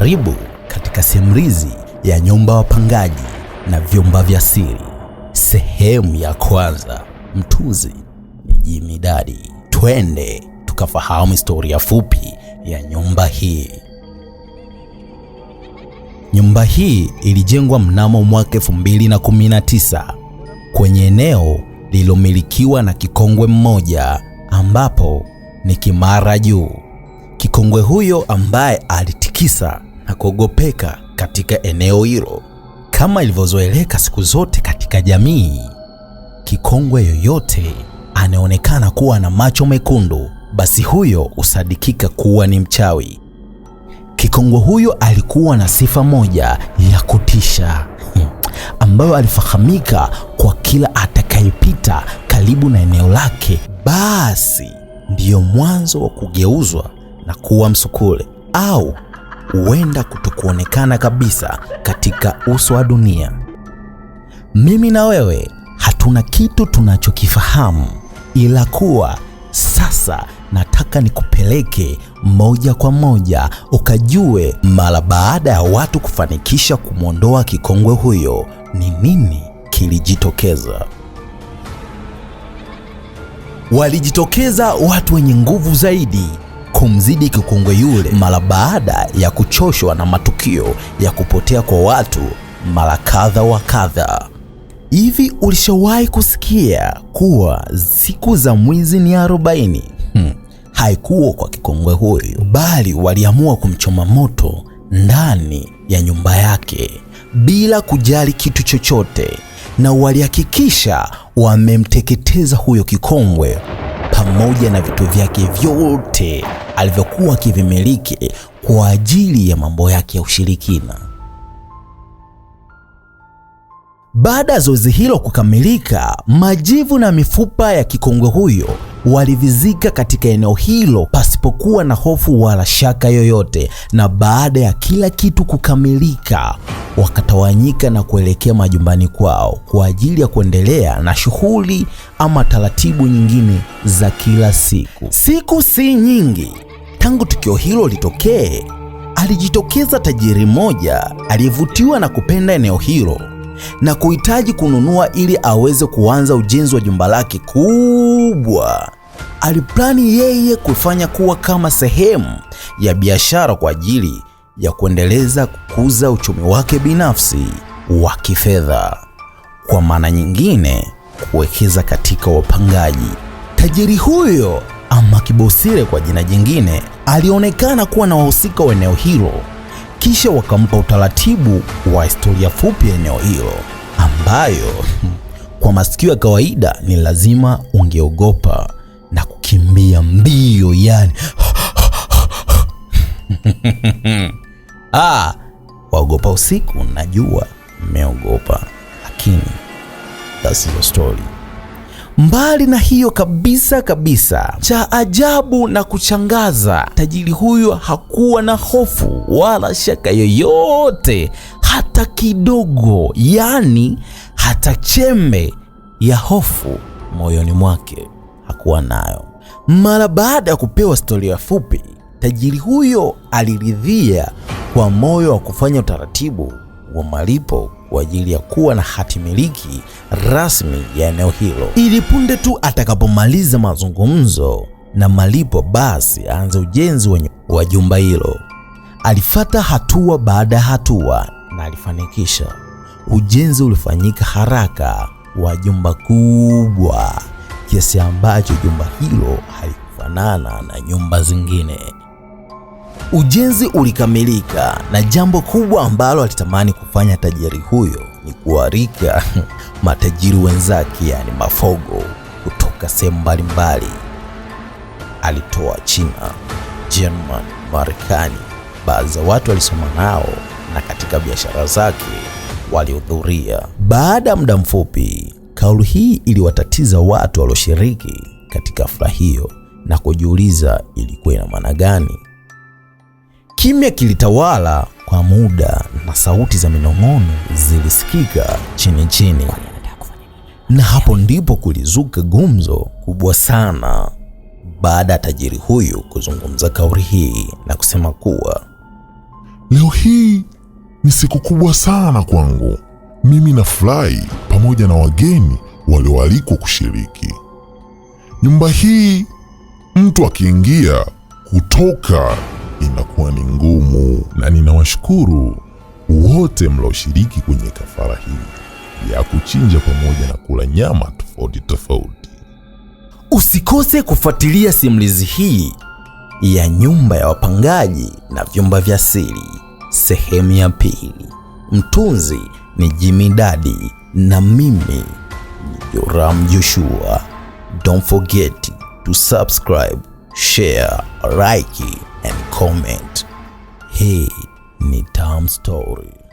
Karibu katika simulizi ya nyumba wapangaji na vyumba vya siri, sehemu ya kwanza. Mtuzi jimidadi Twende tukafahamu historia fupi ya nyumba hii. Nyumba hii ilijengwa mnamo mwaka 2019 kwenye eneo lililomilikiwa na kikongwe mmoja ambapo ni Kimara Juu. Kikongwe huyo ambaye alitikisa na kuogopeka katika eneo hilo. Kama ilivyozoeleka siku zote katika jamii, kikongwe yoyote anaonekana kuwa na macho mekundu, basi huyo husadikika kuwa ni mchawi. Kikongwe huyo alikuwa na sifa moja ya kutisha ambayo alifahamika kwa kila atakayepita karibu na eneo lake, basi ndiyo mwanzo wa kugeuzwa na kuwa msukule au huenda kutokuonekana kabisa katika uso wa dunia. Mimi na wewe hatuna kitu tunachokifahamu, ila kuwa sasa nataka nikupeleke moja kwa moja ukajue mara baada ya watu kufanikisha kumwondoa kikongwe huyo ni nini kilijitokeza. Walijitokeza watu wenye nguvu zaidi kumzidi kikongwe yule, mara baada ya kuchoshwa na matukio ya kupotea kwa watu mara kadha wa kadha. Hivi ulishawahi kusikia kuwa siku za mwizi ni arobaini? Hmm, haikuwa kwa kikongwe huyu, bali waliamua kumchoma moto ndani ya nyumba yake bila kujali kitu chochote, na walihakikisha wamemteketeza huyo kikongwe pamoja na vitu vyake vyote alivyokuwa akivimiliki kwa ajili ya mambo yake ya ushirikina. Baada ya zoezi hilo kukamilika, majivu na mifupa ya kikongwe huyo walivizika katika eneo hilo pasipokuwa na hofu wala shaka yoyote, na baada ya kila kitu kukamilika, wakatawanyika na kuelekea majumbani kwao kwa ajili ya kuendelea na shughuli ama taratibu nyingine za kila siku. Siku si nyingi tangu tukio hilo litokee, alijitokeza tajiri mmoja aliyevutiwa na kupenda eneo hilo na kuhitaji kununua ili aweze kuanza ujenzi wa jumba lake kuu kubwa. Aliplani yeye kufanya kuwa kama sehemu ya biashara kwa ajili ya kuendeleza kukuza uchumi wake binafsi wa kifedha, kwa maana nyingine kuwekeza katika wapangaji. Tajiri huyo ama Kibosire kwa jina jingine alionekana kuwa na wahusika wa eneo hilo, kisha wakampa utaratibu wa historia fupi ya eneo hilo ambayo hmm, kwa masikio ya kawaida ni lazima ungeogopa na kukimbia mbio, yani ah, waogopa usiku, najua mmeogopa, lakini that's your story. Mbali na hiyo kabisa kabisa, cha ajabu na kuchangaza, tajiri huyo hakuwa na hofu wala shaka yoyote hata kidogo, yani hata chembe ya hofu moyoni mwake hakuwa nayo. Mara baada ya kupewa historia fupi, tajiri huyo aliridhia kwa moyo wa kufanya utaratibu wa malipo kwa ajili ya kuwa na hati miliki rasmi ya eneo hilo, ili punde tu atakapomaliza mazungumzo na malipo, basi aanze ujenzi wa jumba hilo. Alifata hatua baada ya hatua na alifanikisha. Ujenzi ulifanyika haraka wa jumba kubwa kiasi ambacho jumba hilo halikufanana na nyumba zingine. Ujenzi ulikamilika na jambo kubwa ambalo alitamani kufanya tajiri huyo ni kuarika matajiri wenzake, yaani mafogo kutoka sehemu mbalimbali. Alitoa China, German, Marekani, baadhi ya watu alisoma nao na katika biashara zake waliohudhuria. Baada ya muda mfupi, kauli hii iliwatatiza watu walioshiriki katika hafla hiyo na kujiuliza ilikuwa ina maana gani. Kimya kilitawala kwa muda na sauti za minong'ono zilisikika chini chini, na hapo ndipo kulizuka gumzo kubwa sana baada ya tajiri huyu kuzungumza kauli hii na kusema kuwa leo hii ni siku kubwa sana kwangu. Mimi fly pamoja na wageni walioalikwa kushiriki. Nyumba hii mtu akiingia kutoka inakuwa ni ngumu, na ninawashukuru wote mlioshiriki kwenye kafara hii ya kuchinja pamoja na kula nyama tofauti tofauti. Usikose kufuatilia simulizi hii ya nyumba ya wapangaji na vyumba vya siri sehemu ya pili. Mtunzi ni Jimmy Dadi na mimi Joram Joshua. Don't forget to subscribe, share, like and comment. Hii ni Tam Story.